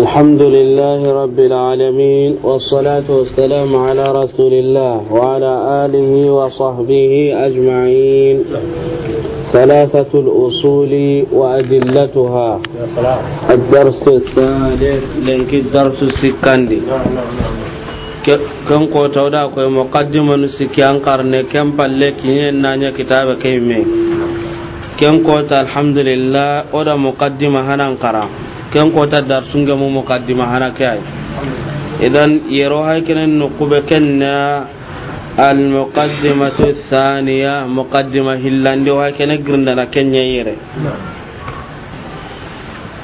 الحمد لله رب العالمين والصلاة والسلام على رسول الله وعلى آله وصحبه أجمعين ثلاثة الأصول وأدلتها الدرس الثالث لنك الدرس السكاندي كم قوت وداك مقدم السكيان قرن كم بلك ينانيا كتاب كيمي كم قوت الحمد لله ودا مقدمة هنان قرن ken kota dar sunga mu muqaddima hana kai idan yero kenen no kube kenna al muqaddimatu thaniya muqaddima hillande wa kene grinda na kenya yere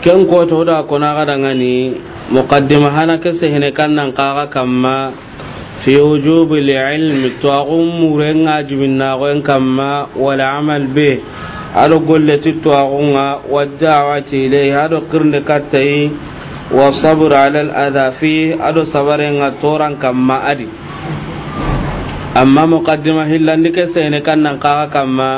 ken kota da kona gada ngani muqaddima hana kase hene kannan qaga kamma fi wujubi al ilmi to murenga jibinna ko en kamma wal amal bih ado golle titto agunga wadawati ilayhi ado qirnde kattayi wa sabr ala al-adha fi ado sabarenga toran kamma adi amma muqaddima hillandi ke sene kannan kaga kamma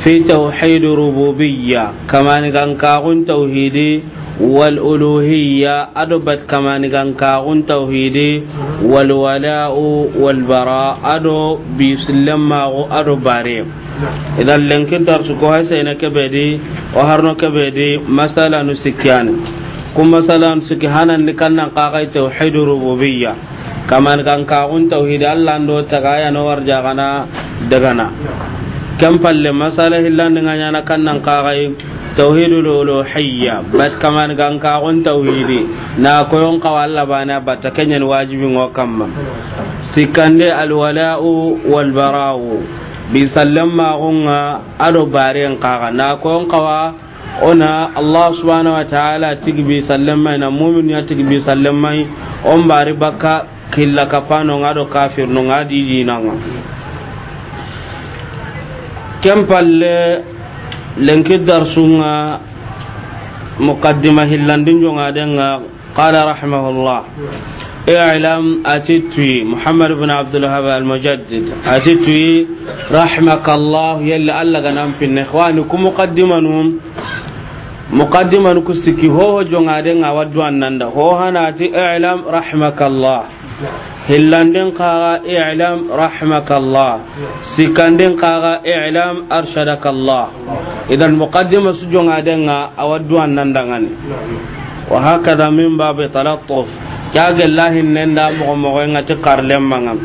fi tauhid rububiyya kamani kan kagun tauhidi والألوهية أدبت كما نغنكاغن توحيدي والولاء والبراء أدو بيسلما أدو باري إذا لنكن درسكو هاي سينا كبدي وهرنو كبدي مسألة نسكيان كم مسألة نسكيانا لكنا قاقاي توحيد ربوبية كما نغنكاغن توحيد الله أندو تغايا نور جاغنا دغنا كم فل مسألة هلا نغنيانا كنا قاقاي tauhidul uluhiyya bat kaman gan ka on tauhidi na koyon qawalla bana bata kenyan wajibin wa kamma sikande alwala'u wal bara'u bi sallama gunga ado baren qaga na koyon qawa ona allah subhanahu wa ta'ala tigbi sallama na mu'min ya tigbi sallama on bari baka killa kapano ngado kafir no ngadi dinanga kempalle lenki darsunga muqaddima hillandin jongadenga qala rahimahullah اعلم أتتوي محمد بن عبد الوهاب المجدد أتتوي رحمك الله يلا ألا غنام في إخوانكم مقدما مقدما كسكي هو جون عدن ودوان نندا هو هناتي اعلم رحمك الله hillandin kaga i'lam rahmakallah sikandin kaga i'lam arshadakallah idan muqaddima su jonga denga awaddu annan dangan wa hakada min babi talattuf kaga lahin nan da mo mo nga ti karlem mangam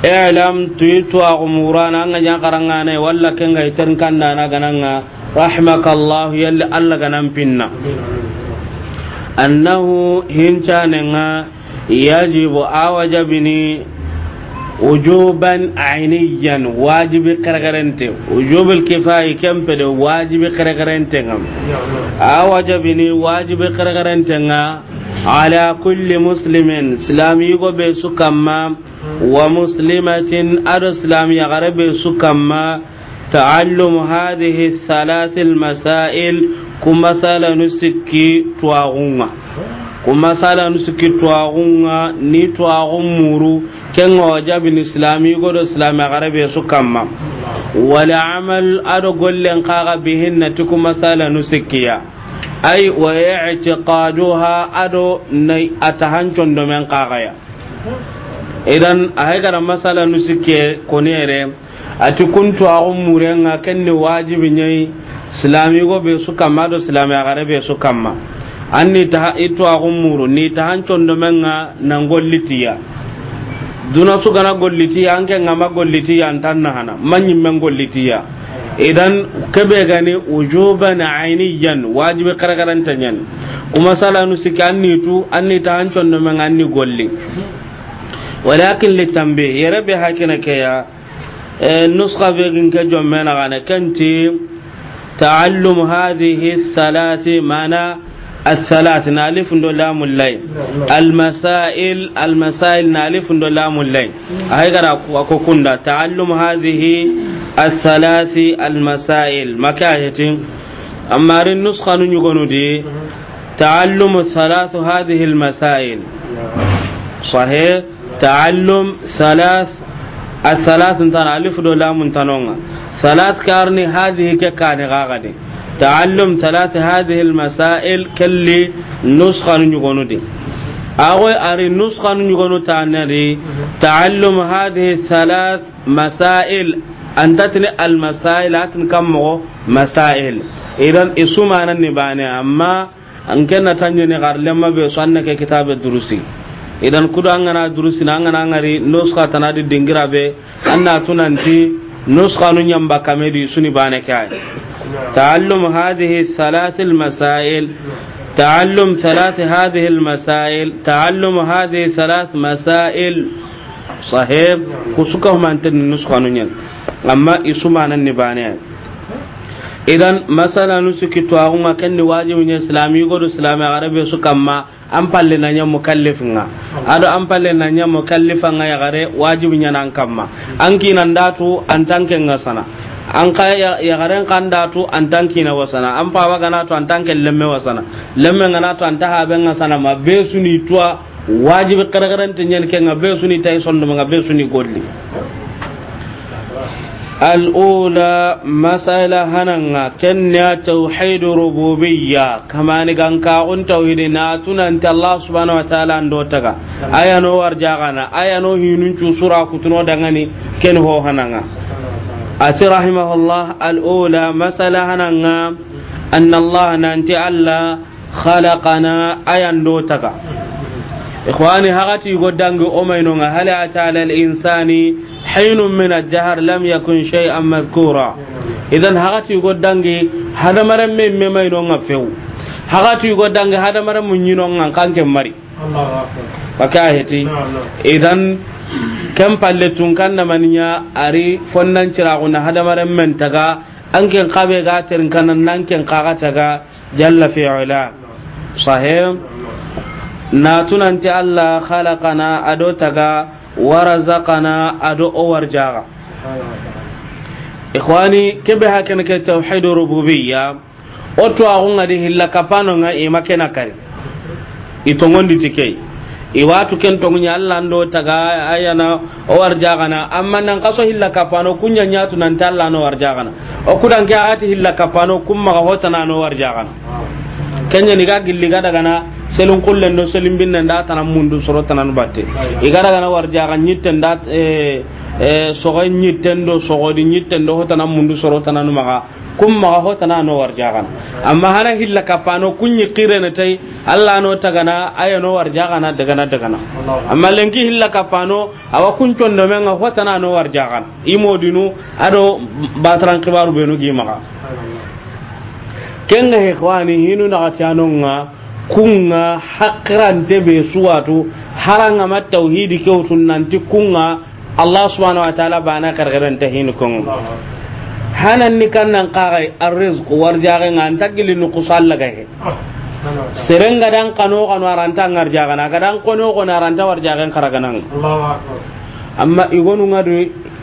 i'lam tuitu agumurana nga nya karanga ne walla kenga iten kanda na gananga rahmakallah yalla alla ganan pinna annahu hincanenga يجب أوجبني وجوبا عينيا واجب قرقرنت وجوب الكفاية كم بده واجب كرغرنت أوجبني واجب قرقرنت على كل مسلم سلام يغب سكما ومسلمة أدو سلام يغرب سكما تعلم هذه الثلاث المسائل كما سأل نسكي تواغونا kuma sala suki twagunga ni twagun muru ken wajabin islami godo islami garabe su kamma wala amal ado gollen kaga bihinna tukuma sala nusukiya ay wa i'tiqaduha ado nay atahancon do men kagaya idan a haigara masala nusuke konere ati kuntu agun murenga kenne wajibi nyai islami go be su kamma do islami garabe su kamma anni ta itu muuru ni ta hancon do menga nan gollitiya duna anke ngama gollitiya antan na hana manyin men gollitiya idan kebe gani ujuban ainiyan wajibi karkaran tanyan kuma salanu sika anni tu anni ta hancon do anni golli walakin hakina الثلاث نالف دو لام الليل المسائل المسائل نالف دو لام الليل هاي غرا كوكوندا تعلم هذه الثلاث المسائل مكاهتين أما النسخة نيغونو دي تعلم ثلاث هذه المسائل صحيح تعلم ثلاث الثلاث انتان الف دو لام انتانونغا ثلاث كارني هذه ككاني غاغدي Tacallum talaata haadha ilmassaayil kelli nusxanu nyukonuudhi awway arii nusxanu nyukonu taa naadii tacallum haadhi talaata massaayil antatti ni al massaayil laatani kan mokoo massaayil. Idan isumaanan ni baane amma ngenna taa ndeeni qaar lemma bee sunna kee kitaaba idan kudhan kanaa durusiin an kanaa gari nusxaatana di dhiira bee anaatunaatii nusxaanu nyaamba kamii dii suni baanakiyaa. تعلم هذه الثلاث المسائل تعلم ثلاث هذه المسائل تعلم هذه ثلاث مسائل صحيح وسكهم أنت النسخة نين أما يسمعنا النبانيات idan masala nu suki to agunga kenni wajibi ne islami godo islami arabe su kamma an palle na nya mukallif nga ado an palle na nya mukallifa nga ya gare wajibi nya nan kamma an kinan datu an tanke nga sana an ka ya garen kan da to an tanki na wasana an fa ba gana to an tanke lemme wasana lemme gana to an ta ha ben wasana ma be suni to wajibi karagaran tin yan ken ga be suni tai son da ga be suni godli al ula masala hanan ga ken ya tauhid rububiyya kama ni gan ka un tauhidi na tunan ta allah subhanahu wa ta'ala ndo taga aya no warja gana aya no hinun cu sura kutuno dangani ken ho hananga ati rahimahullah al'ula masala hananga anna allah nanti allah khalaqana ayan do taga ikhwani hagati go dangi o mayno nga hal ata al insani hinun min al jahr lam yakun shay'an madhkura idan hagati go dangi hada maran me me mayno nga few hagati go dangi hada maran mun yino nga kanke mari Allah akbar idan kan palle tun kan na maniya ari fonnan ciragu na hadamaren men taga an ken kabe ga tirin kanan nan ken kaga taga jalla fi ula sahih na ti allah khalaqana ado taga warazaqana ado owar jaga ikhwani kebe hakan ke tauhid rububiyya oto agun ngadi hilla kapano nga imakena kari itongondi tikei iwatu ken to nya Allah ndo taga ayana o warjagana amma nan kaso hilla kafano kunya nyatu nan talla no warjagana o kudan ke ati hilla kapano kumma ga na no warjagana kenya ni ga gilli ga daga na selun kullen do selim binna nda eh, eh, tanan mundu soro tanan batte igara ga na warjagan nyitten da eh sogo nyitten do sogo di nyitten do hotana mundu soro tanan maga kun ma hota na no warjagan amma hana hilla kapano kire na tai allah no gana aya no warjagana daga na daga na amma lenki hilla kapano awa kun ton do men hota na no warjagan imodinu ado batran kibaru benu gimaka kenga ikhwani hinu na nga kunga te be suwatu haranga mat tauhidi kewtun nanti kunga allah subhanahu wa ta'ala bana ta hinu kunga hanan ni kan nan qaray arrizq warjaga ngan tagili nu qusal ga he serenga dan kano kano aranta ngarjaga na gadan kono kono aranta warjaga karaganan amma igonu ngadu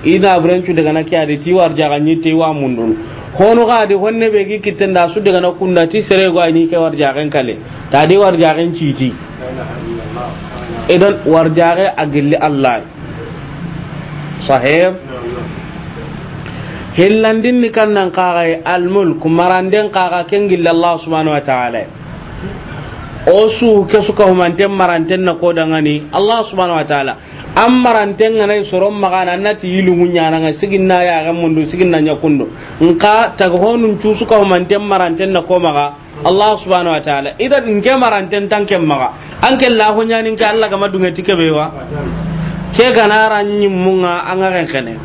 ina branchu daga na kiyade ti warjaga ni ti wa mundun hono ga de honne be gi kitten da su daga na kunna ti sere go ni ke warjaga kale ta de warjaga citi idan warjaga agilli allah sahib hillandin ni kan nan kaga al mulk maranden kaga ken gilla allah subhanahu wa ta'ala o su ke suka humanten maranten na kodangani allah subhanahu wa ta'ala an maranten ga nai soron magana annati yilu munya nan sigin na ya ga mundu sigin nan ya kundo nka taghonun cu suka humanten maranten na ko maga allah subhanahu wa ta'ala idan ke maranten tanken maga an ke lahu nyanin ke allah ga madunga tike bewa ke ganaran nyimmunga an ga kene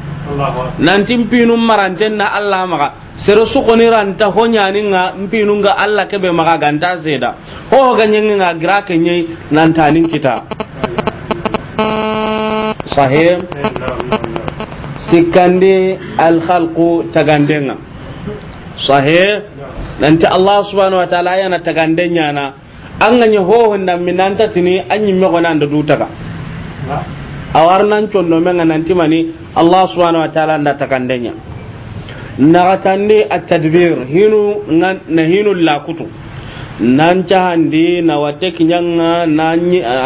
nanti mpinu maranten na Allah maga sero su ni ranta ho nyani nga mpinu nga Allah kebe maga ganta zeda ho ga nyengi nga gra kenye nantanin kita sahih sikande al khalqu tagandenga sahih nanti Allah subhanahu wa ta'ala yana tagandenya na an ganye ho hunda minanta tini an yi megona da dutaga awarnan condo menga nanti mani allah subhanahu wa ta'ala nda takandenya nagatandi atadbir hinu na hinu lakutu nan handi na watte kiñanga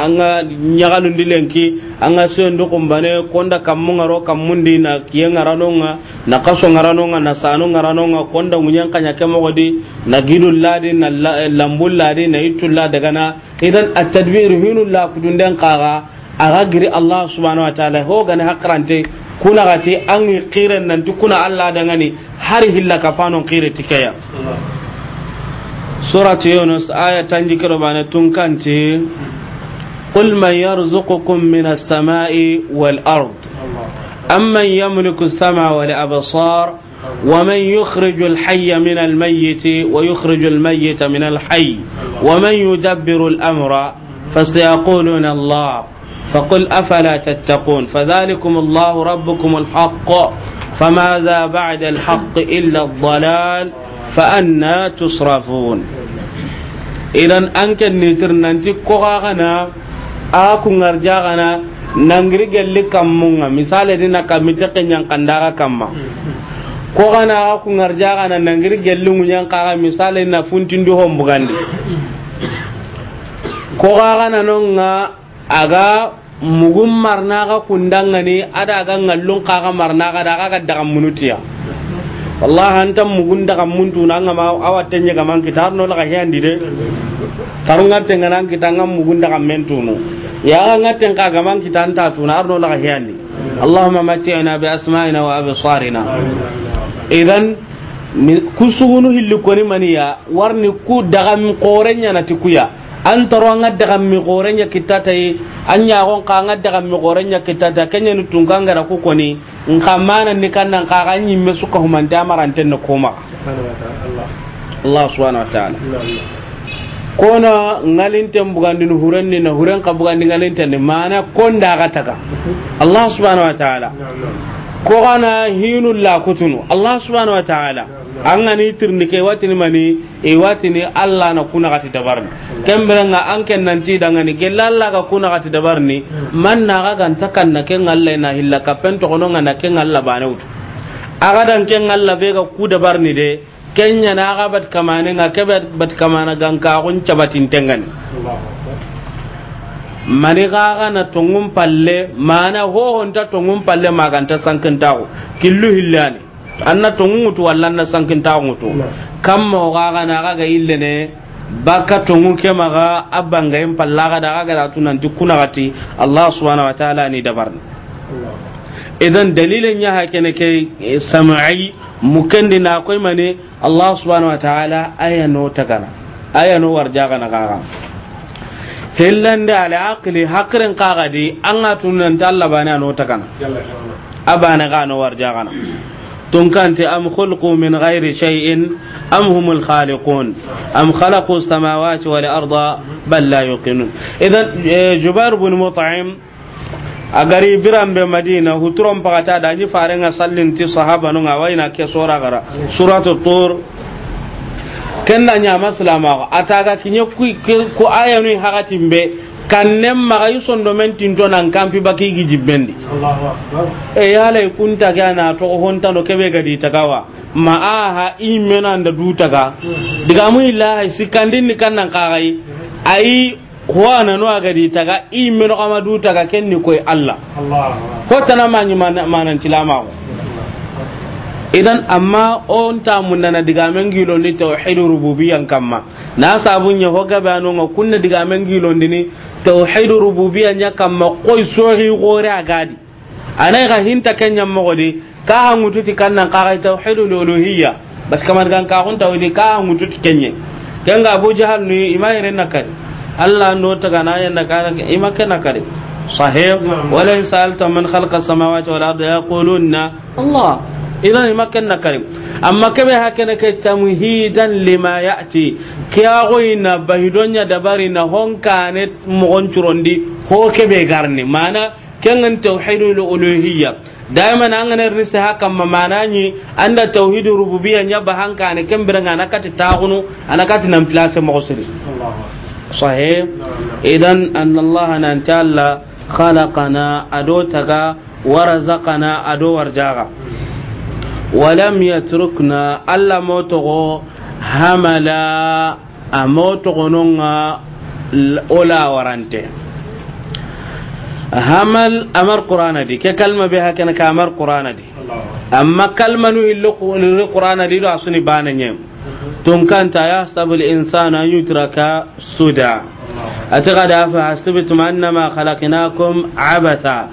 anga ñagalundi ndilenki anga sendu kumbane konda kammu ngaro kammundi na kiye ngaranonga na kaso ngaranonga na sanu ngaranonga konda nguñen nyake kemogodi na gidu ladi na eh, lambul ladi na ladi gana idan atadbir hinu lakutunden kaga a agagri Allah subhanahu wa ta'ala ho gani hakrante kuna gati angi qiran nan duk kuna Allah da gani har hilla ka fanon qire tikaya surat yunus aya tanji karo bana tun kanti qul man yarzuqukum minas sama'i wal ard amman yamliku sam'a wal abasar waman yukhriju al hayya min al mayyit wa yukhriju al mayyit min al hayy waman yudabbiru al amra fasayaquluna Allah فقل أفلا تتقون فذلكم الله ربكم الحق فماذا بعد الحق إلا الضلال فأنا تصرفون إذا أنك نتر ننتي كوغاغنا أكو نرجاغنا nangiri gelli kammunga misale dina kammi teke ñankandaga kamma ko gana a ku ngarja gana nangiri gelli ŋuñankaga misale na funtindi hombugandi ko ga gana nonga aga mugum marnaga kundangani ada ga ngallon kaga marnaga da ga daga munutiya wallah anta mugun daga muntu na ngama awatte nya gaman kitar no laga handi de tarunga kita ngam mugun daga mentunu ya ngaten kaga man kita anta tuna arno laga handi allahumma mati'na bi asma'ina wa absarina idan kusugunu hilli koni maniya warni ku daga qorenya na tikuya an taro an gadda kan mi gorenya kitata yi an yagon ka an daga kan mi gorenya kitata kenya ni tungan gara ku ni in ka mana ni kannan ka kan yin me suka human damaran na koma Allah subhanahu wa ta'ala kona ngalin tem bugan ni huren ni na huren ka bugandi ngalin tem ni mana kon da ga taka Allah subhanahu wa ta'ala ko kana hinul la kutunu Allah subhanahu wa ta'ala an gani tirni ke watini mani e watini Allah na kuna gati ni kembere nga an ken nan ti daga ni gella Allah ga kuna gati ni. man na ga ganta kan na ken Allah na hilla ka pento kono nga na ken Allah bane utu aga dan ken Allah be ga ku dabar ni de kenya na ga bat kamane nga ke bat kamana ganka kun cabatin tengani mani gaga na tungun palle mana ho honta tungun palle maganta tawo killu hillani anna to ngutu wallan na sankin ta ngutu kam mo ga ga na ga ille ne baka to nguke maga abban ga yin pallaga da ga tunan dukuna gati allah subhanahu wa ta'ala ni dabar idan dalilin ya hake ne kai eh, sam'i mukan na akwai mane allah subhanahu wa ta'ala ayano tagana ayano warja ga na ga da ala aqli hakrin qagadi an ga tunan ta allah bana no tagana abana ga no warja gana تنكنت أم خلقوا من غير شيء أم هم الخالقون أم خلقوا السماوات والأرض بل لا يوقنون إذا جبار بن مطعم agari gari biran be madina huturon pagata da ni faren a sallin ti sahaba nun a waina ke sora gara suratu tur kenna nya maslama ataga taga kinye ku ayanu hagati be kannen maga i sondo men tinto baki gi jibbendi e yala i kunta ga na to honta no kebe ga di tagawa ma i menan da dutaga diga mu ilahi sikandin ni nan kagai ayi huwana no aga di i meno kama du kenni koy allah ko ma manyi manan tilama ko idan amma on ta munna na diga men gilo ni tauhid rububiyyan kamma na sabun ya hoga banu ga kunna diga men gilo ni tauhid rububiyya nya kam ma koy sohi gore agadi anai ga hinta kenya mo godi ka hangutu ti kannan ka ga tauhid uluhiyya bas kamar gan ka hunta tawidi ka hangutu ti kenye kenga abu jahal ni imairen nakari allah no taga na yan nakari imake nakari sahih wala insal ta man khalaqa samawati wal ardi yaquluna allah idan makan na karim amma be hakene ke tamhidan lima yati kiya na bahidonya dabari na honkane mogon curondi ho be garni mana kengan tauhidul uluhiyya daima na ngane rinse haka ni anda tauhidul rububiyya nya bahanka ne kembere na kati ana anakati nan place mo siris sahih idan anallaha nan ta'alla khalaqana ado taga warzaqana ado ولم يتركنا ألا موتغو هملا أموتغنونا أولا ورانته hamal amar qur'ana di ke kalma be hakana ka amar qur'ana di amma kalma nu illo qur'ana di do asuni bana nyem tun kanta ya sabul insana yutraka suda atiqada fa hasibtum annama khalaqnakum abatha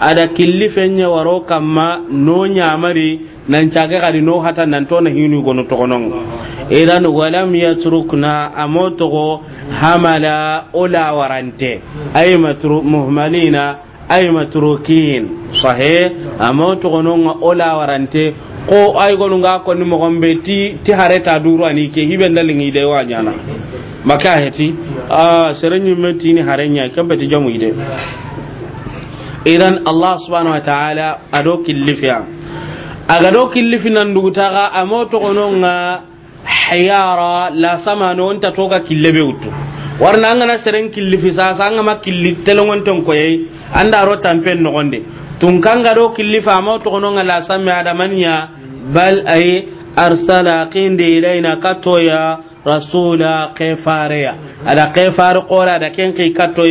ada killi fenya waro kamma no nyamari nan caga kadi no hata nan to na hinu gono to gonon idan walam yatrukna amoto hamala ola warante ay matru muhmalina ay matrukin sahih amoto gonon ola warante ko ay gonu ga ko ni mo gombe ti ti hareta duru ani ke hibe ndalingi de wanyana maka a serenyu metini harenya kambati jamu ide idan allah subhanahu wa ta'ala ado killifiya aga do killifi nan dugutaga amo togononga hayara la samano onta toga killebe wutu warna angana seren killifi sasa angama killi telongonten an anda ro tampen gonde tun kanga do killifa amo togononga la sami adamaniya bal ay arsala qinde ilaina katoya rasula kefareya fare ya ada da ken kai katto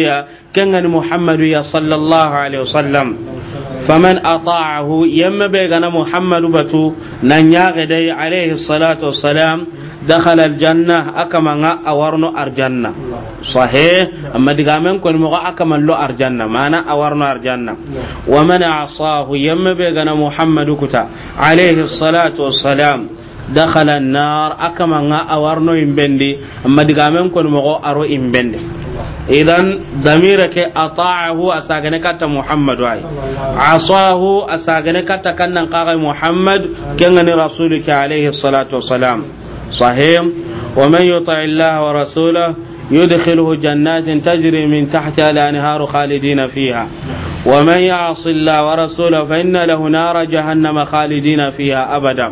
ken ngani muhammadu ya sallallahu alaihi wasallam faman ata'ahu yamma be gana muhammadu batu nan ya gadai alaihi salatu wassalam دخل الجنة أكما أورنو أرجنة صحيح أما دقامن كل مغا أكما لو أرجنة مانا أورنو أرجنة ومن عصاه يم بيغنا محمد كتا عليه الصلاة والسلام dakhala nar akama nga awarno imbendi amma diga men kon mo aro imbendi idan damira ke ata'ahu asagane kata muhammad ay asahu asagane kata kannan qaga muhammad kengani rasulika alayhi salatu wassalam sahih wa man yuti' allaha wa rasulahu يدخله جنات تجري من تحتها الأنهار خالدين فيها ومن يعص الله ورسوله فإن له نار جهنم خالدين فيها أبدا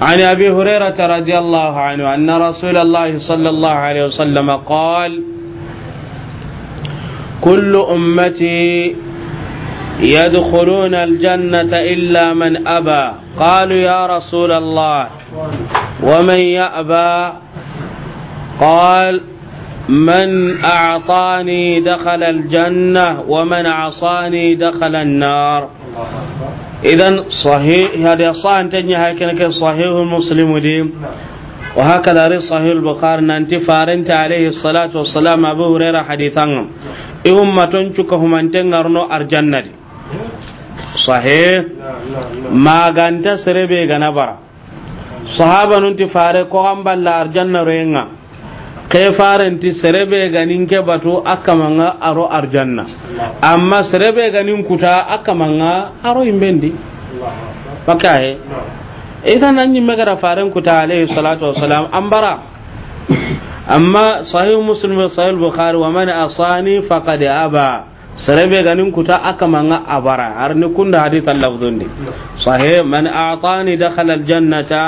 عن أبي هريرة رضي الله عنه أن رسول الله صلى الله عليه وسلم قال كل أمتي يدخلون الجنة إلا من أبى قالوا يا رسول الله ومن يأبى قال من أعطاني دخل الجنة ومن عصاني دخل النار إذا صحيح هذا صان تنيا هكذا صحيح المسلم دي وهكذا ري صحيح البخاري ننتي فارنت عليه الصلاة والسلام أبو هريرة حديثا إهم ما تنشكهم أن تنغرنو أرجنة دي صحيح ما غانتا سربي غنبرا صحابة ننتي فارقوا أم بلا أرجنة رينا ke faranti serebe ganin ke bato manga aro arjanna amma serebe ganin kuta aka manga aro imbendi makahe idan an yi magana faran kuta alaihi salatu wassalam an bara amma sahih muslim sahih bukhari wa man asani faqad aba serebe ganin kuta aka manga abara ni kunda hadithan lafzundi sahih man a'tani dakhala aljannata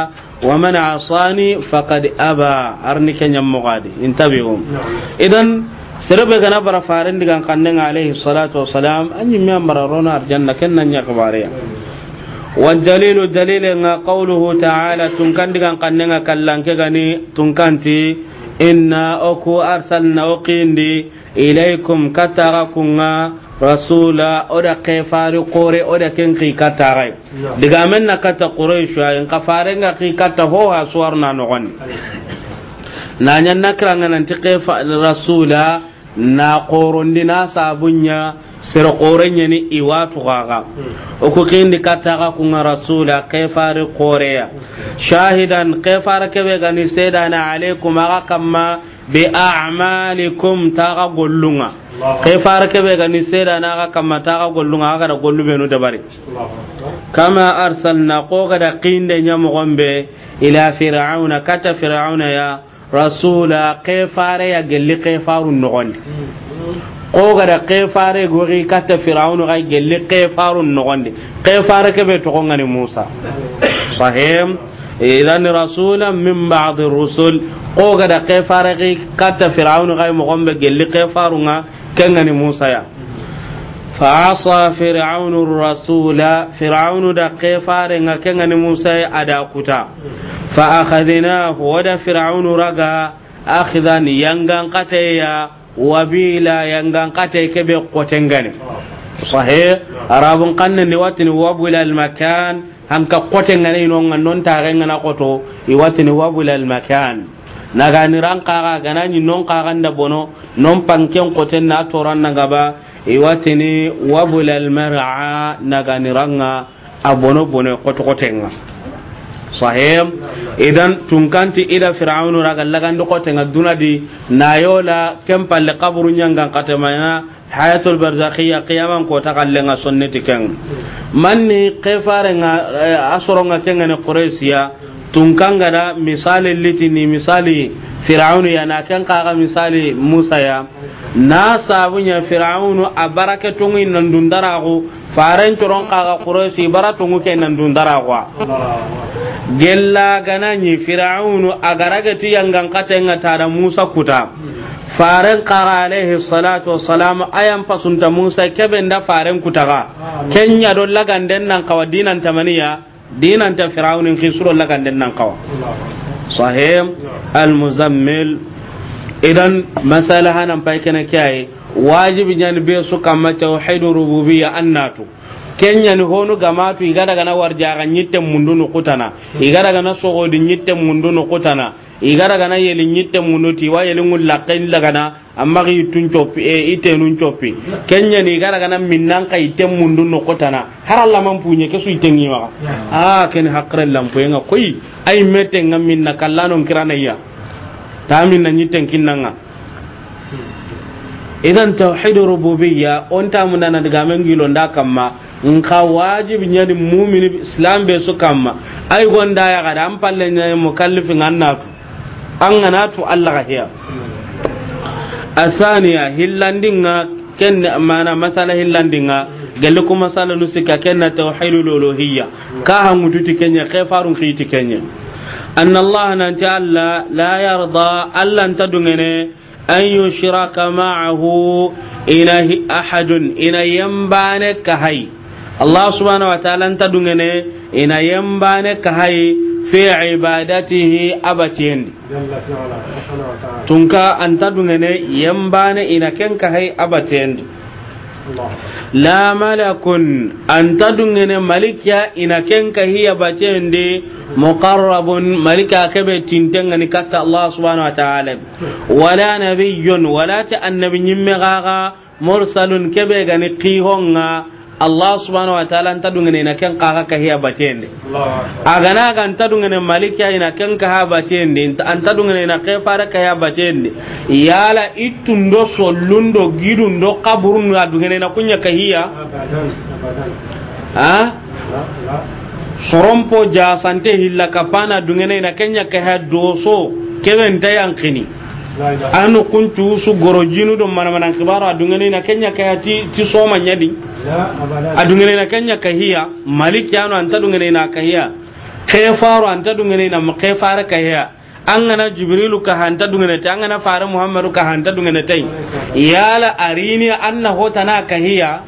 wa man asani faqad aba arni kenyam mugadi intabihum idan serebe gana bara farin digan kannan alaihi salatu wassalam anyi mi amara rona arjanna kennan ya kabariya والدليل دليل قوله تعالى تنكن دغان قننا كلان كغني تنكنتي inna oku arsalna oqindi ilaikum kataga kunga rasula oda kefari kore oda ken ki kataga diga men na kata quraishu ay kafare nga ki kata ho ha na no na nanya nakra nanti kefa rasula na qorondi sabunya sero qorenye ni iwatu gaga hmm. o ko kendi kataga rasuulaa nga rasula kefare qoreya hmm. shahidan kefare kebe gani sedana alaikum aga kamma bi a'malikum taga gollunga kefare kebe gani sedana aga kamma taga gollunga aga da gollube no dabari kama arsalna qoga da qinde nyamo gombe ila fir'auna kata fir'auna ya rasula kefare ya gelli kefaru nogondi hmm. kogara kefare gori kata firawunu ga gelle kefaru nogonde kefare kebe to gongani musa sahim idan rasulan min ba'd rusul kogara kefare gi kata firawunu ga mo gombe gelle kefaru nga kengani musa ya fa asa firawunu rasula firawunu da kefare nga kengani musa ya ada kuta fa akhadnahu wa da firawunu raga akhidhan yangan kata ya wabila yangan kata kebe kotengani sahih arabun kanne ni watini wabila almakan hanka kotengani ino nga non tare ngana koto iwatini wabila almakan nagani ran kaga ganani non kaga nda bono non panken koten na toran naga ba iwatini wabila almar'a nagani ranga abono bono koto kotenga sahim idan tunkanti ida fir'aunu raga lagan dokote nga dunadi nayola kem palle qabru nyanga katemana hayatul barzakhia qiyaman ko ta kalle nga sonneti ken manni qefare nga eh, asoro nga ken ne quraysiya tunkanga da misali litini misali fir'aunu ya na ken kaga misali musa ya na sabunya fir'aunu a baraka tungi nan dundarago faran coron kaga quraysi bara tungu ken nan dundarago gella gananyi fir'aunu agaragati yangan katenga musa kuta faren qara alaihi salatu wassalam ayan pasunta musa keben da faren kutaga kenya don den nan kawa dinan tamaniya dinan ta fir'aunin kisuro den nan kawa sahim almuzammil idan masala hanan pai kana kiyaye wajibi ne be su rububi tauhidur rububiyya annatu kenya ni honu gamatu igada gana warjaga nyitte mundu nukutana kutana igada gana sogodi nyitte mundu nukutana kutana igada gana yeli nyitte mundu ti wa yeli ngul laqin lagana amma gi tun choppi e eh, ite nun choppi kenya ni igada gana minnan ka ite mundu no kutana har Allah man punye ke ite ngi ma a ah, ken hakre lampu nga koi ai mete ngam minna kallano kirana iya tamin na nyitte kinnanga idan tauhid rububiyya on munana daga men gilo nda nka wajib nyani mu'mini islam be su kamma ai gonda ya gada an palle ne mukallifin annatu an ganatu Allah ga hiya hillandin ga ken mana masala hillandinga galle ko masala nu sika ken na tauhidul uluhiyya ka ha mututi kenya farun kiti kenya an allah nan Allah la yarda ta tadungene an yushraka ma'ahu ina ahadun ina yambane ka hay allah subhanahu wa ta'ala nta dungene ina yembane ka hay fi ibadatihi abatiyendi tunka anta dungene yembane ina ken ka hay abatiyendi la malakun anta dungene malikya ina ken ka hiya batiyendi muqarrabun malika kebe tintenga ni kasta allah subhanahu wa ta'ala wala nabiyyun wala ta annabiyyin mega mursalun kebe gani qihonga allah subhanahu wa ta'ala anta dungene na ken kaga ka hiya batende na ga anta dungene malikiya ina ken ka ha batende anta dungene na ke fara ka hiya batende yala itundo sollundo gidundo kaburun na dungene na kunya ka hiya ha sorompo ja sante hilla kapana dungene na kenya ka ha doso kewenta yankini anu kuntu su goro jinu do mana manan kibaro dungane na kenya kaya ti ti soma nyadi adungene na kenya kahiya maliki anu anta dungane na kahiya kefaro anta dungane na makefara kahiya angana jibrilu ka hanta dungane ta angana fara muhammadu ka hanta dungene tai yala arini anna hota na kahiya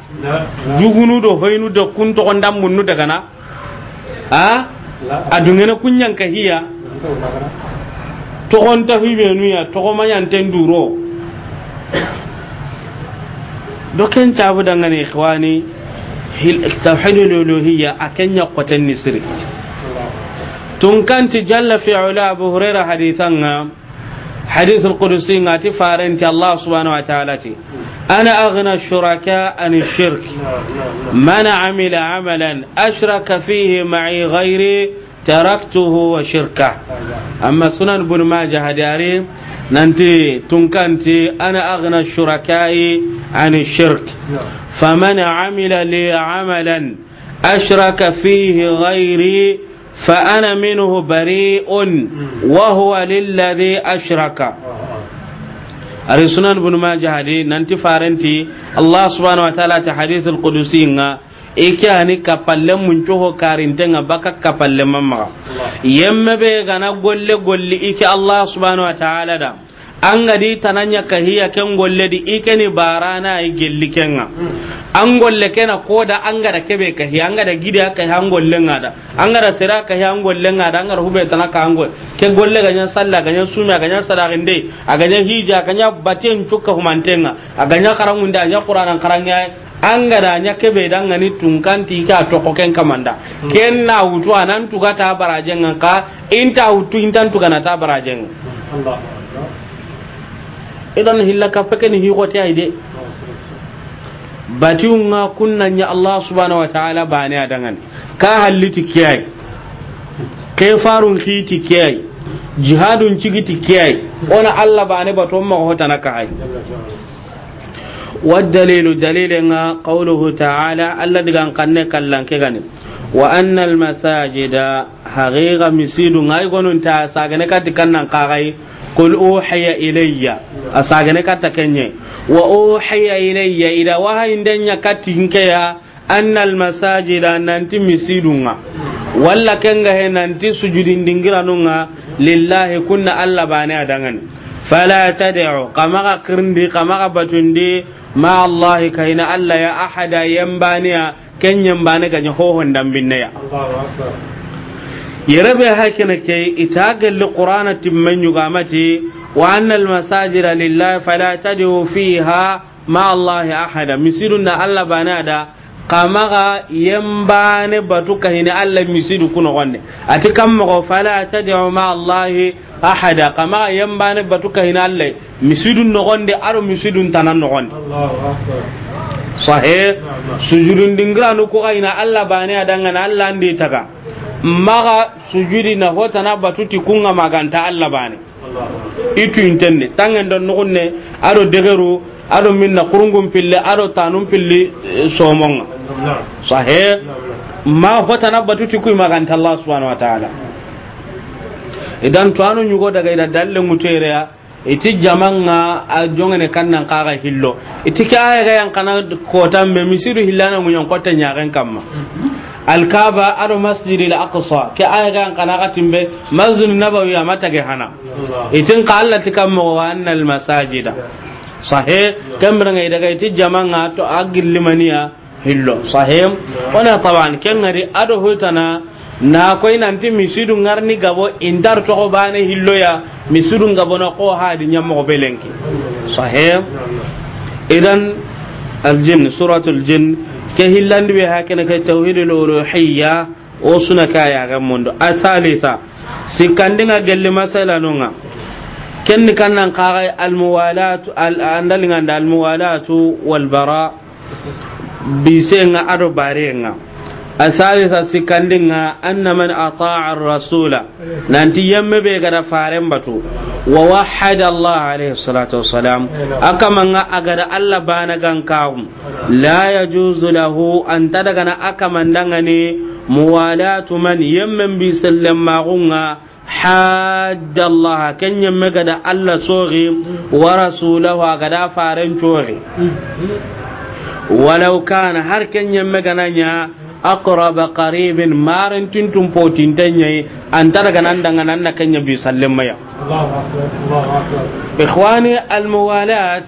jugunu do hoinu do kun to ndam munnu daga na a adungene kunyan kahiya togon ta hibe nuya togon manyan ten duro doken cabu da ngane ikhwani tawhidul uluhiyya akenya qoten nisri tun kanti jalla fi ula abu hurairah hadithan حديث القدسي ناتي فارنتي الله سبحانه وتعالى تي أنا أغنى الشركاء عن الشرك من عمل عملا أشرك فيه معي غيري taraktuhu wa shirka amma sunan ibn majah hadari nanti tunkanti ana aghna shurakai an shirk faman amila li amalan ashraka fihi ghairi fa ana minhu bari'un hmm. wa huwa lilladhi ashraka ah, ah. sunan ibn majah nanti faranti allah subhanahu wa ta'ala ta hadithul ike ani kapalle karinte nga baka kapalle mammaga yemme be gana golle golli ike allah subhanahu wa ta'ala da an gadi tananya kahiya ken golle di ike ni barana ay gelli kenga an golle kena koda an gada kebe kahiya an gada gida kahiya an golle ngada an gada sira kahiya an golle ngada an gada hube tanaka an golle ke golle ganya salla ganya sumya ganya sadaqinde aganya hija ganya batin cukka humantenga aganya karangunde anya qur'an karanya an gada nya ke be dan ngani tungkan ti ka to ko ken kamanda hmm. ken na wutu anan tu ga ta barajeng ka inta wutu intan tu ga na ta barajeng Allah hmm. idan hilla ka fake ni hi khoti ayde batiun nga kunnan ya Allah subhanahu wa ta'ala ba ne adangan ka halliti kiyai ke farun khiti kiyai jihadun chigiti kiyai hmm. ona Allah ba ne batom ma hota na ka والدليل دليل قوله تعالى الله دغان قلنا كلان كغني وان المساجد حقيقه مسيد غاي غايغون تا كات تكنن قاغي قل اوحي أوحي إلي أساغنك تكني وأوحي الي اذا وهي دنيا كات كتنكيا ان المساجد ننتي مسيدنا ولا كنغه ننتي سجودين دينغرانونغا لله كنا الله باني أدغني فلا تدع قما قرندي قما باتوندي ما الله كاين الله يا احد ينبانيا كن ينباني غني هو دمبينيا يربي هكنا كي اتاقل القران تمن يغامتي وان المساجد لله فلا تدعوا فيها ما الله احد مسيرنا الله بنادا kamaga yembane batu kahini allah misidu kuno gonne ati kammago fala tad'u ma allah ahada kamaga yembane batu kahini allah misidu no gonde aro misidu tanan no gonde sahih sujudun dingra no ko kaina allah bane adanga na allah ndi taga maga sujudi na hota na ti kunga maganta allah bane itu intende tangen don no gonne aro degeru aro minna kurungum pille aro tanum pille eh, somonga sahih ma hota na batuti kuy maganta Allah subhanahu wa ta'ala idan to anu nyugo daga ina dalle mutere ya iti jamanga ajonga ne kannan kaga hillo iti kaya ga yan kana kota me misiru hillana mun munyan kota nyaren kamma alkaba ado masjidi al aqsa ke ayga ga yan kana katimbe masjid nabawi ya mata ge hana itin ka Allah tikamma wa annal masajida sahih kamran ga daga iti jamanga to agil limaniya hillo sahim ona tawan ken ngari ado hutana na koy nanti misidu ngarni gabo indar to bane hillo ya misidu gabo na ko hadi nyammo belenki sahim idan aljin suratul jin ke hillandi be hakene ke tauhidul uluhiyya o suna kaya ga mondo asalisa sikandinga gelle masala nonga kenni kannan kaga almuwalatu al andalinga da almuwalatu wal bara nga ado barenga asalisa sikandinga anna man ata'a ar-rasula nanti yamme be gada faren batu wa wahada Allah alayhi salatu wassalam nga agada Allah bana gankawum la yajuzu lahu an tadagana akamandanga ne muwalatu man yamman bi sallama gunga حد الله كن يمك الله wa rasulahu gada faren شوغي walau kana har kenyen ya aqraba qaribin marin tintum potin tanye anta daga nan daga nan na kenya bi maya ikhwani almuwalat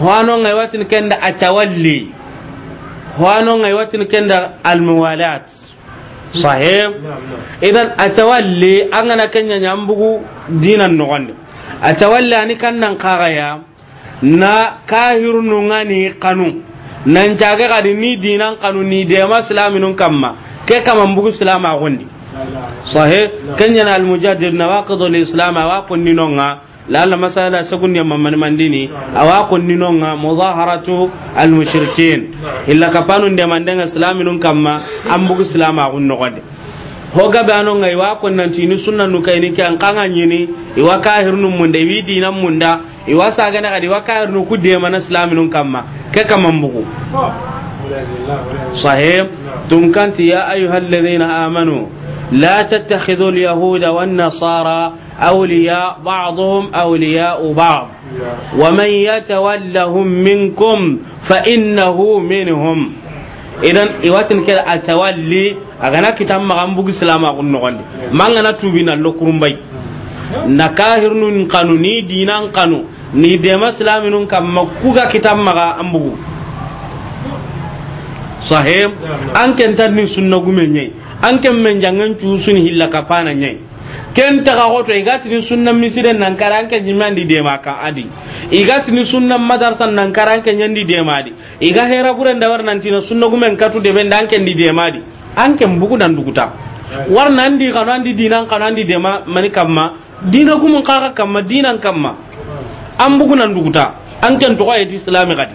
hwano ngai watin kenda hwano ngai watin kenda almuwalat sahib idan an gana kenya nyambugu dinan atawalla ni nan kagaya na kahirnu ngani kanu nan jage gadi ni dinan kanu ni de maslaminun kamma ke kaman bugu islama gondi sahih kanya na almujaddid nawaqid alislam wa kunni nonga lalla masala sagun ya mamman mandini awa kunni nonga mudaharatu almushrikin illa kapanun de mandanga islaminun kamma an bugu islama gunno gadi ho gabe anu ngai wa kun nan tini sunnan nu kai ni kan kanga ni ni iwa kahir nu mun dai widi nan mun da iwa sa ga na kadi wa nu kudde man islam nu kamma ke kamman sahib tun ya ayyuhal ladina amanu la tattakhidhu al yahuda wan nasara awliya ba'dhum awliya ba'd wa man yatawallahum minkum fa innahu minhum idan iwatin kada atawalli agana kitam an bugi silama kun nogondi na tubi na lokurumbai na kahirnun kanu ni dinan kanu ni dema silaminun kam makuga kita maga an bugu sahib an kenta ni sunna gumenye an ken men jangan cu sun hilla kapana nye ken taga hoto igati ni sunna misire nan karan ken nyimman di dema ka adi igati ni sunna madarsan nan karan ken nyandi dema adi iga hera buran da war nan tina sunna gumen katu de ben dan ken di dema adi anke mbugu dan duguta warna andi kanu andi dinan kanu andi dema mani kamma dina ku mun kaka kamma dinan kamma an bugu nan duguta anke to to ayati islami gadi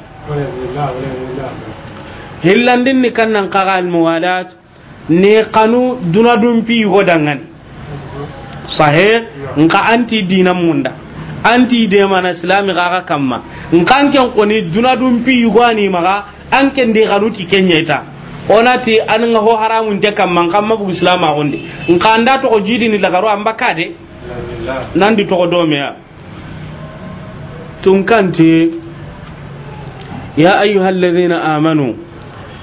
hillandin ni kannan kaka al muwalat ne kanu dunadun pi godangan sahe nka anti dinan munda anti de mana islami gaga kamma nkan ken koni dunadun pi yugani maga an ken de garuti kenyeta ita onati an ho haramun te kam man kam mabu islam agundi in ka anda to jidi ni lagaro amba kade nandi to do meya tun kanti ya ayyuhal ladhina amanu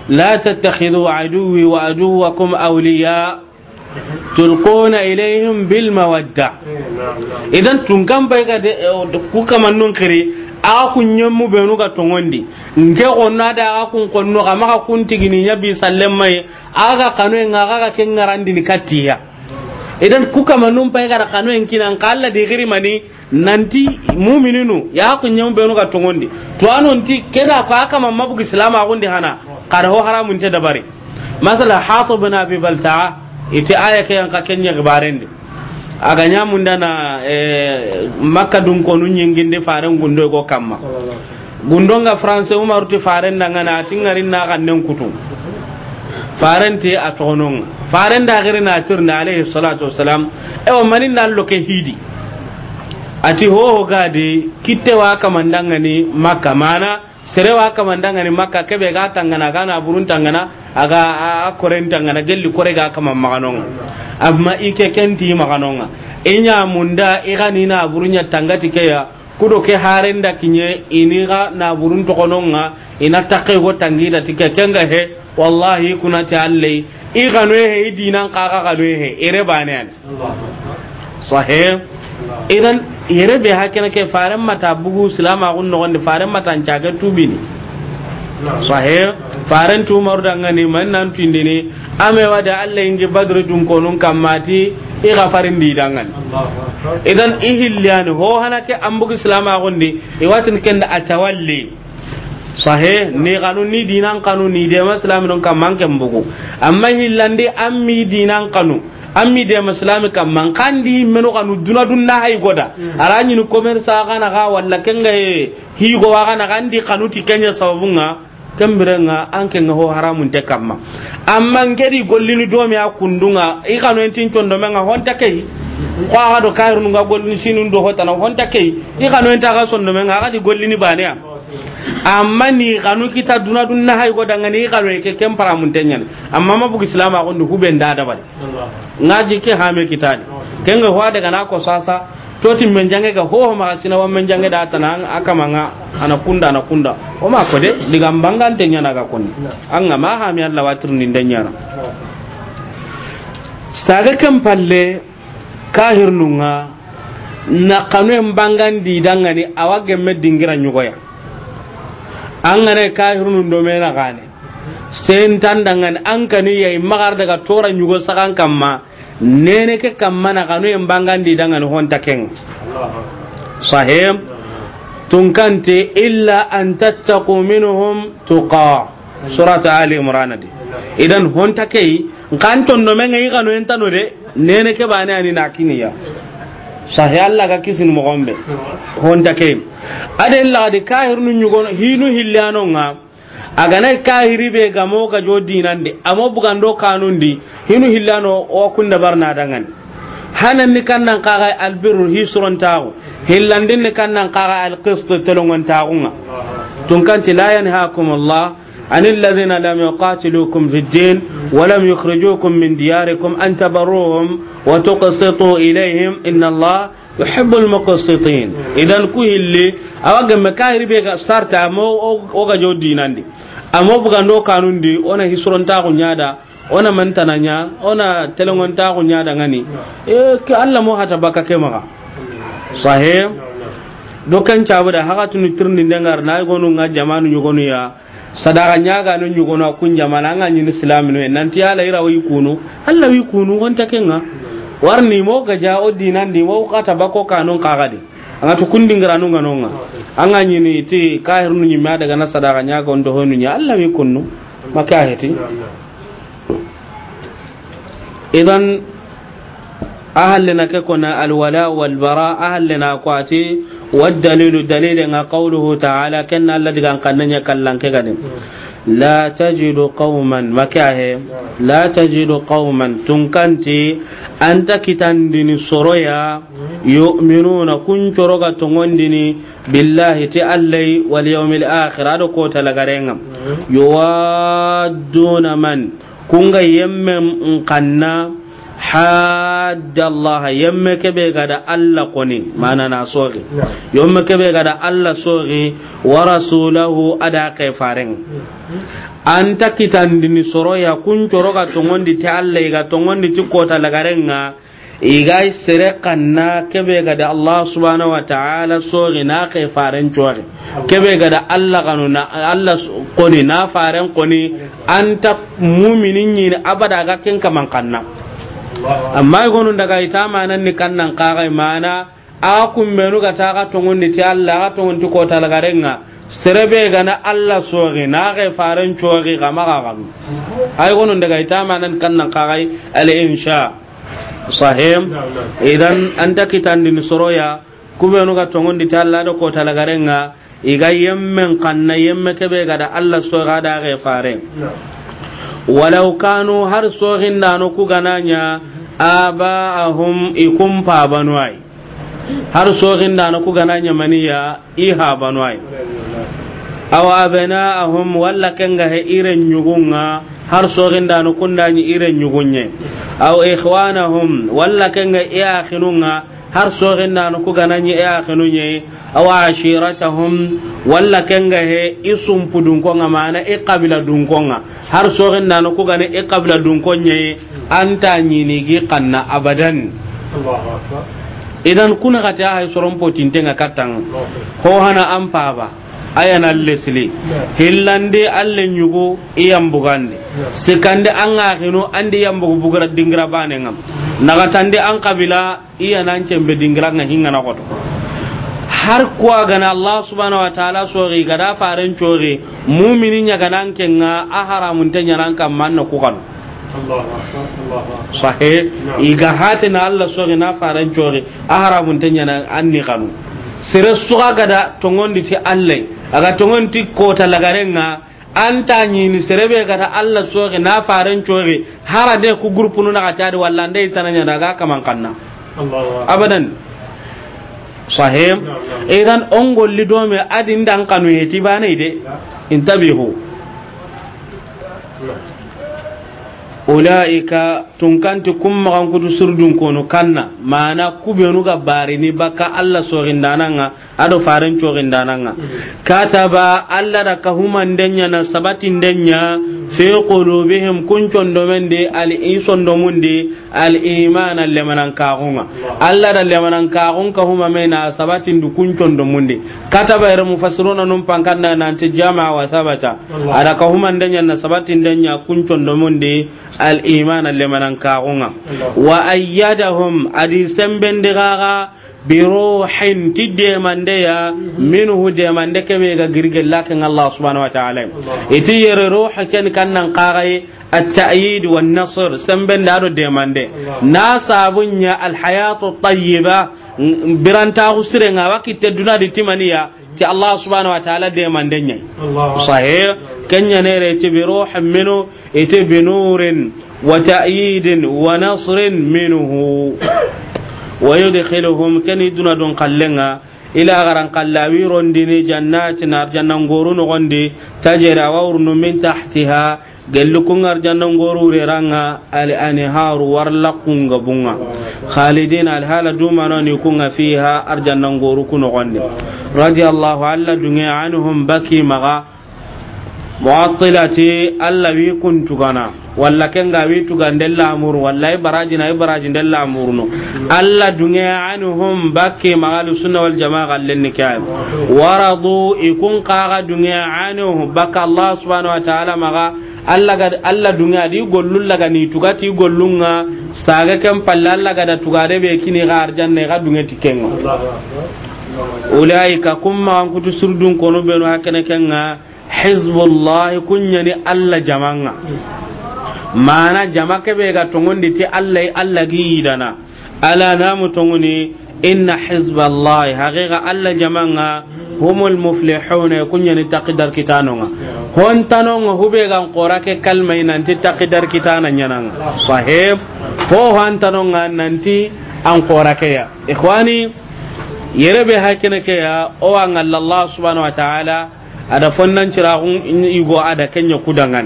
la tattakhidhu aduwwi wa aduwwakum awliya tulquna ilayhim bil mawadda hmm, idan tun kan bai ga eh, ku kaman nun aga kunyemmu benu ga tongondi nke gonna da aga kun konno ga maka kun tigini nya bi sallem mai aga kanu en aga ken ngarandi ni katiya idan kuka manum pai ga kanu en kinan kalla de giri mani nanti mu'mininu ya kunyemmu benu ga tongondi to anon ti keda ko aka mamma bu islam a gundi hana karho haramun te dabare masala hatu bin abi balta ite aya yanka kenya aga ñamunda na e, makka dun konu ñingindi faren gundo go kamma gundonga français umaruti faren dangana atingarin na kannen kutu faren te a tonon faren da gari na tirna alayhi salatu wassalam e, o manin na loke hidi ati ho gade kitte wa ni makka mana sere wa kamandangani makka kebe ga tangana gana burun tangana aga a koren tangana gelli kore ga kanon amma ike kenti maganonga inya munda igani na burunya tangati keya kudo ke harenda kinye iniga na burun to kononga ina takke go tangida tike kenga he wallahi kuna ta allai igano he dinan kaka gano he ere bane an sahih idan ere be hakena ke faran mata bugu salama gun no gonde faran mata caga tubini sahih faran tumaru dangane man nan tindini amewa da allah ingi badr dunkonun kammati i gafarin didangan idan ihillian ho hana ke an bugi silama i iwatin kenda a sahe ni kanu ni dinan kanu ni de maslami don kam manke mbugu amma hillandi an mi dinan kanu an mi de maslami kam man kandi di menu kanu duna dun na hay goda hmm. aranyi ni commerce aga na ga walla kenga hi go wa na kan di kanu ti kenya sabunga nga anke nga ho haramun te kamma amma ngedi gollini domi mi akundunga i kanu entin me nga honta kei ko aga do kairu nga gollini sinun do na honta kei i kanu enta ga sondo nga ga di gollini bane ya amma ni kanu kita duna dun na hay godanga ni kanu ke kem para mun tenyen amma ma bugi islam a ndu hubenda da da bari ngaji ke hame kitani kenga ho daga na ko sasa totin men jange ga hoho ma sina wa men jange da tanan aka manga ana kunda ana kunda o ma ko de diga mbangan tenya na ga konni an ga ma ha mi Allah watir nin danya na saga kan palle kahir nunga na kanu en bangan di dangani awage me dingira nyugoya an ga ne kahir nun do me na gane sen tan dangan an kanu yayi magar daga tora nyugo sakan kamma nene ke kammana kanu en bangandi dangani honta ken sahim tunkante illa an tattaqu minhum tuqa surat ali imran di idan honta kei kan ton no men ngai kanu en tanu de nene ke bane ani nakiniya sahi Allah ga kisin mo gombe honta kei ade illa de kahir nu nyugo hinu hillano nga agana kahiri be gamo ga jodi nande amo bugando kanundi hinu hillano o kunda barna dangan hanan ni kannan kaga albirru hisron tawo hillandin ni kannan kaga alqist telongon tawo tun kanti la hakum allah عن الذين لم يقاتلوكم في الدين ولم يخرجوكم من دياركم أن تبروهم وتقسطوا إليهم إن الله يحب almuqsitin idan ku اللي awaga مكاهر kahiri be ga sarta mo o ga jodi nandi amma buga ndo kanundi ona hisron ta ku nyada ona mantana ona telengon ta ku nyada مو e باكا Allah صحيح hata baka ke maga sahih dokan cabu da haka tunu tirni sadaka nyaga no kun jamana nga nyini islamu no nanti ala ira wi kunu alla wi kunu wonta kenga war ni mo ga jao dinan ni mo kata bako kanun kagadi anga to kundi ngiranu nganonga anga nyini ti kahir nu nyima daga na sadaka nya ko ndo honu nya Allah mi kunnu makahiti idan ahallina ke kona alwala wal bara ahallina kwati والدليل دليل qawluhu ta'ala كن alladiga kannanya kallan ke كغدن la tajidu tun kanti la tajidu qauman soroya billahi ti allai wal yawmil akhir ado ko talagarenga man kunga yemmen kanna hadda Allah yamme kebe gada Allah koni mana na sogi yamme kebe gada Allah sogi wa rasulahu ada kai an ta kitandini soro ya kun coro ga tongondi ta Allah ga tongondi ti kota lagarenga iga sere kanna kebe da Allah subhanahu wa ta'ala sogi na kai faren cori kebe da Allah kanu na Allah koni na faren koni an ta muminin yin abada ga kin kaman kanna amma gonun daga ita manan ni kannan kaga mana a kun menu ga ta ga tungun ni ti Allah ga tungun ti ko talgarenga serebe ga na Allah sogi na ga faran cogi ga ma ga ai gonun daga ita manan kannan kaga al insha sahim idan anta kitan din soroya kubenu ga tongon ti Allah da ko talgarenga iga yemmen kanna yemme kebe ga da Allah so ga da ga faran walau kanu har sogin da no ku gananya aba'ahum ikum fa banwai har da ku gananya maniya iha banwai aw abana'ahum walla kanga he iren har sogin da no kundanyi iren nyugunye aw ikhwanahum har soxin na ku gananyi e axinu ñeyi awa ashiratahum walla kenga he i sumpu dunkonga maana i qabila dunkonga har soxin na ku gane i qabila dunkon ñeyi anta gi xanna abadan idan kuna xati a hay soron potintenga kattanga ho hana an ba ayana lesli hillande alle nyugo iyam bugande sikande an ngakino andi yam bugu dingira dingra bane ngam hmm. naga tande an kabila iya nan cembe dingra nga hinga na koto har kuwa gana Allah subhanahu wa ta'ala sori gada faran cori muumini nya ganan kenga a haramun tanya nan kan manna kukan sahe iga hati na Allah sori na faran cori a haramun tanya nan ni sere suga gada tongondi ti allai aga tongondi kota lagarenga anta ñini serebe gata allah sooxe na faren cooxe hara de ku groupe nu naxataadi walla nde tananya daga kaman kanna abadan sahim idan ongol lidome adin dan kanu heti banay ide intabihu ulaika tunkanti kummakan kutu surdun kono kanna mana kubenu ga ni baka allah rindananga ado faren rindananga mm-hmm. kataba allah da kahuma ndenya na ndenya fi qulubihim kun condo men de al ison do mun de al iman al lemanan kaunga alla da lemanan kaun ka huma mena sabatin du kun condo mun de kata bayar er mufassiruna num pankanda nan te jama wa sabata ada ka huma ndanya na sabatin danya kun condo mun de al iman al lemanan kaunga wa ayyadahum adi sembende gaga biruhin ti demande ya minhu demande ke ga girgel lakin Allah subhanahu wa ta'ala iti yere ruh ken kannan qarai at-ta'yid wan nasr samben daro do demande na sabunya al-hayatu tayyiba biranta husire nga wakite duna di timaniya ti Allah subhanahu wa ta'ala demande nya sahih kenya ne re ti biruhin minu iti binurin wa ta'yidin wa nasrin minhu wa yudkhiluhum kani duna don kallenga ila garan kallawi rondini jannatin arjannan goru no gonde tajira wa min tahtiha gellu kun arjannan goru reranga al anharu warlaqun gabunga khalidin al hala dumano ni kunga fiha arjannan goru kuno gonde radiyallahu alla dunga anhum baki maga mu'attilati alla wi walla kenga wi tuganden lamuru walla i barajina i barajinde lamurno allah dunge anhum bakke magalu sunna wal jamaa gallenni waljamaa ay waradu ikun kaga dunge anhu bakka allah subhanahu wa ta'ala maga allah ga allah dunge adi gollun laga ni tugati gollunga saga kem palla allah ga da tugade be kini ga arjanne ga dunge tikenga ulaika kumma an kutu surdun kono beno hakene kenga hizbullahi kunyani allah jamanga mana jama ke be ga tongondi ti allai allah gi ala namu tongoni inna hizballahi haqiqa allah jamanga humul muflihuna kunya ni taqdar kitanonga hon tanonga hube gan qora ke kalmai nan ti taqdir kitana nyananga sahib ho han tanonga ti an qora ke ya ikhwani yere be hakina ke ya o an allah subhanahu wa ta'ala ada fonnan cira igo ada kenya kudangan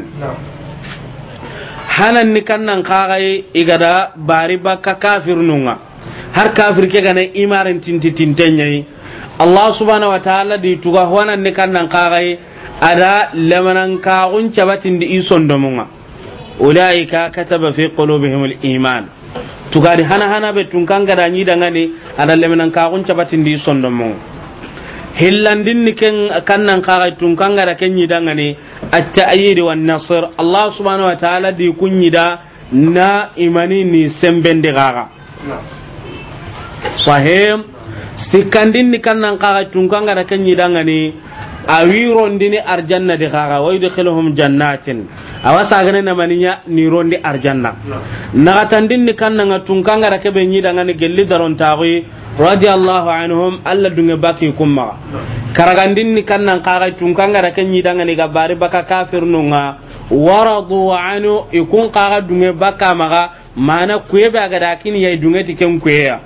hanan ni nan kagai igada bari baka kafir nunga har kafir ke gane imarin tinti tintenye Allah subhanahu wa ta'ala di tuga hanan ni nan kagai ada lamanan kagun cabatin di ison domunga ulaika kataba fi qulubihim al-iman tugari hana hana be kan gada ni dangane ada lamanan kagun cabatin di ison domunga hillandin ni ken kannan kaga tun kanga da ken yida ngane at-ta'yid wan nasr Allah subhanahu wa ta'ala di kunyida na imani ni sembende gaga sahim sikandin ni kannan kaga tun kanga da ken yida ngane awiro ndini arjanna di gaga wa yudkhiluhum jannatin awa sagane na maninya ni rondi arjanna na nagatandin ni kannan tun kanga da kebe yida ngane gelli daron tawi allahu anhum alla dunga baki kumma karagandin ni kannan kaga cunkan gara kan yi danga ni gabari baka kafir nunga waradu anu ikun kaga dunga baka maga mana kuye ba ga dakin yayi dunga tiken kuya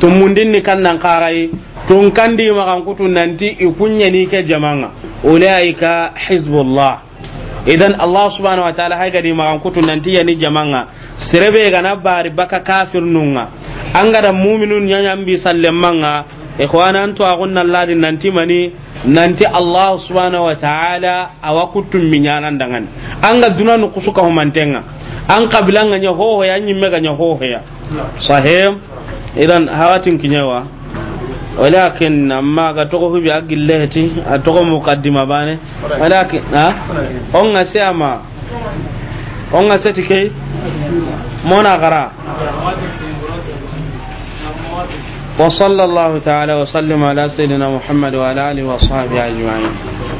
to mundin ni kannan kaga yi tun kandi magan kutun nanti ikunya ni ke jama'a ulaika hizbullah idan allah subhanahu wa ta'ala haiga di magan kutun nanti yani jama'a sirebe ga na bari baka kafir nunga angada muminun ñañambi sallenmanga ihwana antu agunna ladi nanti mani nanti allah subhanahu wa ta'ala awa kuttum miñanan dangani anga duna nukusu kahumantenga an kabilanga ña hohoya an ñimme ga ña hohoya sahim idan hawatin kiñewa walakin amma ga togo hubi a gilleheti a togo mukaddima bane walakin a on ga se ama on ga seti kei mona gara وصلى الله تعالى وسلم على سيدنا محمد وعلى اله وصحبه اجمعين